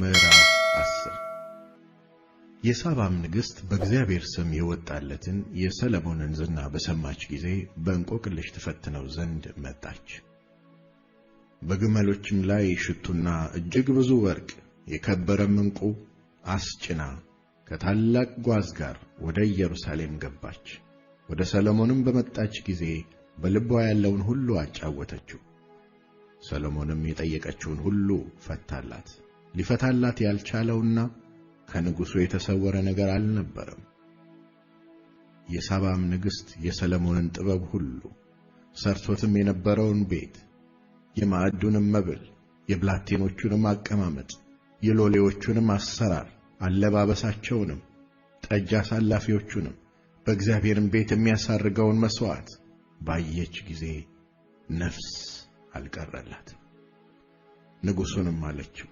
ምዕራፍ 10 የሳባም ንግሥት በእግዚአብሔር ስም የወጣለትን የሰለሞንን ዝና በሰማች ጊዜ በእንቆቅልሽ ትፈትነው ዘንድ መጣች። በግመሎችም ላይ ሽቱና እጅግ ብዙ ወርቅ የከበረም ዕንቁ አስጭና ከታላቅ ጓዝ ጋር ወደ ኢየሩሳሌም ገባች። ወደ ሰለሞንም በመጣች ጊዜ በልቧ ያለውን ሁሉ አጫወተችው። ሰለሞንም የጠየቀችውን ሁሉ ፈታላት። ሊፈታላት ያልቻለውና ከንጉሡ የተሰወረ ነገር አልነበረም። የሳባም ንግሥት የሰለሞንን ጥበብ ሁሉ ሰርቶትም የነበረውን ቤት፣ የማዕዱንም መብል፣ የብላቴኖቹንም አቀማመጥ፣ የሎሌዎቹንም አሰራር፣ አለባበሳቸውንም፣ ጠጅ አሳላፊዎቹንም፣ በእግዚአብሔርም ቤት የሚያሳርገውን መሥዋዕት ባየች ጊዜ ነፍስ አልቀረላት። ንጉሡንም አለችው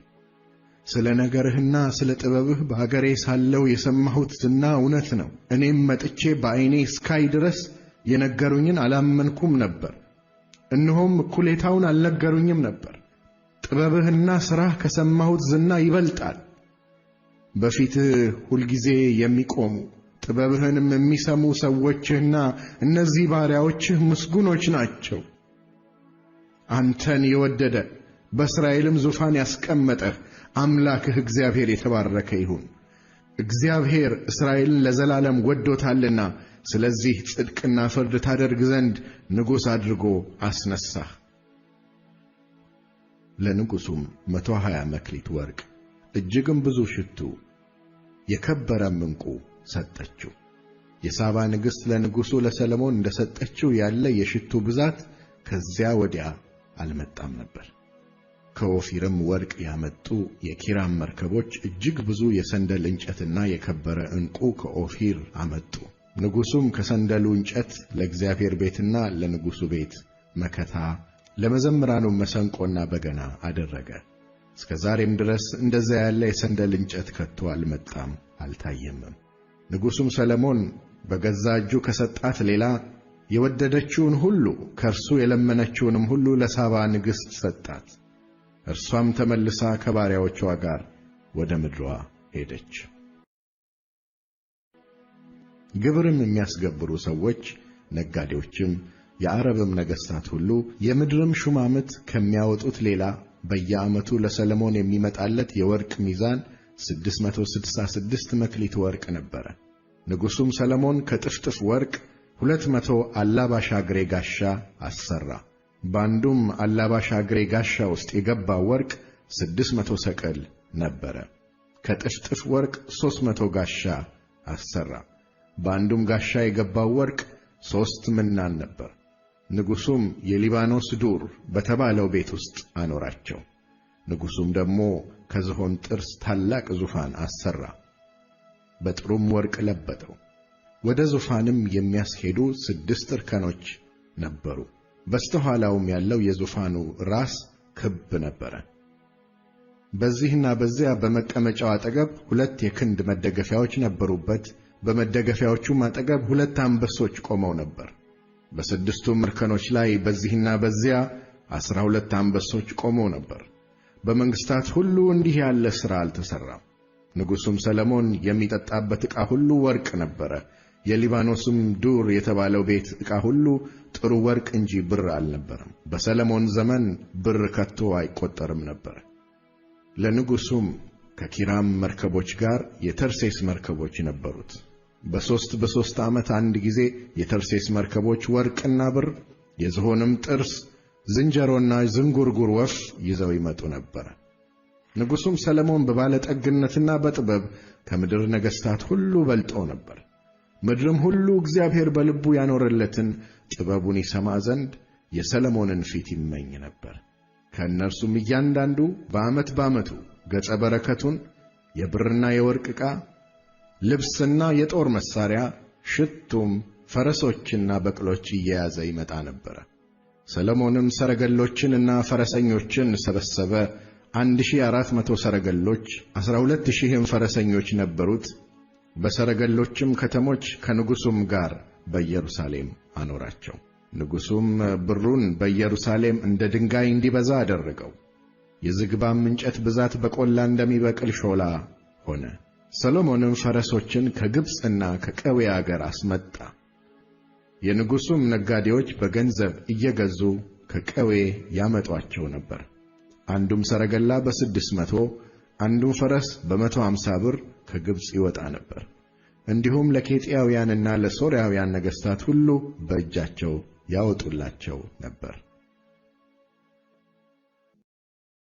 ስለ ነገርህና ስለ ጥበብህ በአገሬ ሳለው የሰማሁት ዝና እውነት ነው። እኔም መጥቼ በዐይኔ እስካይ ድረስ የነገሩኝን አላመንኩም ነበር፣ እነሆም እኩሌታውን አልነገሩኝም ነበር። ጥበብህና ሥራህ ከሰማሁት ዝና ይበልጣል። በፊትህ ሁልጊዜ የሚቆሙ ጥበብህንም የሚሰሙ ሰዎችህና እነዚህ ባሪያዎችህ ምስጉኖች ናቸው። አንተን የወደደ በእስራኤልም ዙፋን ያስቀመጠ አምላክህ እግዚአብሔር የተባረከ ይሁን። እግዚአብሔር እስራኤልን ለዘላለም ወዶታልና፣ ስለዚህ ጽድቅና ፍርድ ታደርግ ዘንድ ንጉሥ አድርጎ አስነሣህ። ለንጉሡም መቶ ሀያ መክሊት ወርቅ እጅግም ብዙ ሽቱ የከበረም ዕንቁ ሰጠችው። የሳባ ንግሥት ለንጉሡ ለሰለሞን እንደ ሰጠችው ያለ የሽቱ ብዛት ከዚያ ወዲያ አልመጣም ነበር። ከኦፊርም ወርቅ ያመጡ የኪራም መርከቦች እጅግ ብዙ የሰንደል እንጨትና የከበረ ዕንቁ ከኦፊር አመጡ። ንጉሡም ከሰንደሉ እንጨት ለእግዚአብሔር ቤትና ለንጉሡ ቤት መከታ፣ ለመዘምራኑ መሰንቆና በገና አደረገ። እስከ ዛሬም ድረስ እንደዛ ያለ የሰንደል እንጨት ከቶ አልመጣም አልታየምም። ንጉሡም ሰለሞን በገዛ እጁ ከሰጣት ሌላ የወደደችውን ሁሉ ከእርሱ የለመነችውንም ሁሉ ለሳባ ንግሥት ሰጣት። እርሷም ተመልሳ ከባሪያዎቿ ጋር ወደ ምድሯ ሄደች። ግብርም የሚያስገብሩ ሰዎች፣ ነጋዴዎችም፣ የአረብም ነገሥታት ሁሉ የምድርም ሹማምት ከሚያወጡት ሌላ በየዓመቱ ለሰለሞን የሚመጣለት የወርቅ ሚዛን 666 መክሊት ወርቅ ነበረ። ንጉሡም ሰለሞን ከጥፍጥፍ ወርቅ ሁለት መቶ አላባሻ ግሬ ጋሻ አሠራ። በአንዱም አላባሽ አግሬ ጋሻ ውስጥ የገባ ወርቅ ስድስት መቶ ሰቀል ነበረ። ከጥፍጥፍ ወርቅ ሦስት መቶ ጋሻ አሠራ። በአንዱም ጋሻ የገባው ወርቅ ሦስት ምናን ነበር። ንጉሡም የሊባኖስ ዱር በተባለው ቤት ውስጥ አኖራቸው። ንጉሡም ደግሞ ከዝሆን ጥርስ ታላቅ ዙፋን አሠራ፣ በጥሩም ወርቅ ለበጠው። ወደ ዙፋንም የሚያስሄዱ ስድስት እርከኖች ነበሩ። በስተኋላውም ያለው የዙፋኑ ራስ ክብ ነበረ። በዚህና በዚያ በመቀመጫው አጠገብ ሁለት የክንድ መደገፊያዎች ነበሩበት። በመደገፊያዎቹም አጠገብ ሁለት አንበሶች ቆመው ነበር። በስድስቱም እርከኖች ላይ በዚህና በዚያ አስራ ሁለት አንበሶች ቆመው ነበር። በመንግሥታት ሁሉ እንዲህ ያለ ሥራ አልተሠራም። ንጉሡም ሰለሞን የሚጠጣበት ዕቃ ሁሉ ወርቅ ነበረ። የሊባኖስም ዱር የተባለው ቤት ዕቃ ሁሉ ጥሩ ወርቅ እንጂ ብር አልነበረም። በሰለሞን ዘመን ብር ከቶ አይቆጠርም ነበር። ለንጉሡም ከኪራም መርከቦች ጋር የተርሴስ መርከቦች ነበሩት። በሦስት በሦስት ዓመት አንድ ጊዜ የተርሴስ መርከቦች ወርቅና ብር፣ የዝሆንም ጥርስ፣ ዝንጀሮና ዝንጉርጉር ወፍ ይዘው ይመጡ ነበር። ንጉሡም ሰለሞን በባለጠግነትና በጥበብ ከምድር ነገሥታት ሁሉ በልጦ ነበር። ምድርም ሁሉ እግዚአብሔር በልቡ ያኖረለትን ጥበቡን ይሰማ ዘንድ የሰለሞንን ፊት ይመኝ ነበር። ከእነርሱም እያንዳንዱ በዓመት በዓመቱ ገጸ በረከቱን የብርና የወርቅ ዕቃ፣ ልብስና የጦር መሣሪያ፣ ሽቱም፣ ፈረሶችና በቅሎች እየያዘ ይመጣ ነበረ። ሰለሞንም ሰረገሎችንና ፈረሰኞችን ሰበሰበ። አንድ ሺህ አራት መቶ ሰረገሎች፣ ዐሥራ ሁለት ሺህም ፈረሰኞች ነበሩት። በሰረገሎችም ከተሞች ከንጉሡም ጋር በኢየሩሳሌም አኖራቸው። ንጉሡም ብሩን በኢየሩሳሌም እንደ ድንጋይ እንዲበዛ አደረገው። የዝግባም እንጨት ብዛት በቈላ እንደሚበቅል ሾላ ሆነ። ሰሎሞንም ፈረሶችን ከግብፅና ከቀዌ አገር አስመጣ። የንጉሡም ነጋዴዎች በገንዘብ እየገዙ ከቀዌ ያመጧቸው ነበር። አንዱም ሰረገላ በስድስት መቶ አንዱም ፈረስ በመቶ አምሳ ብር ከግብፅ ይወጣ ነበር። እንዲሁም ለኬጢያውያንና ለሶርያውያን ነገሥታት ሁሉ በእጃቸው ያወጡላቸው ነበር።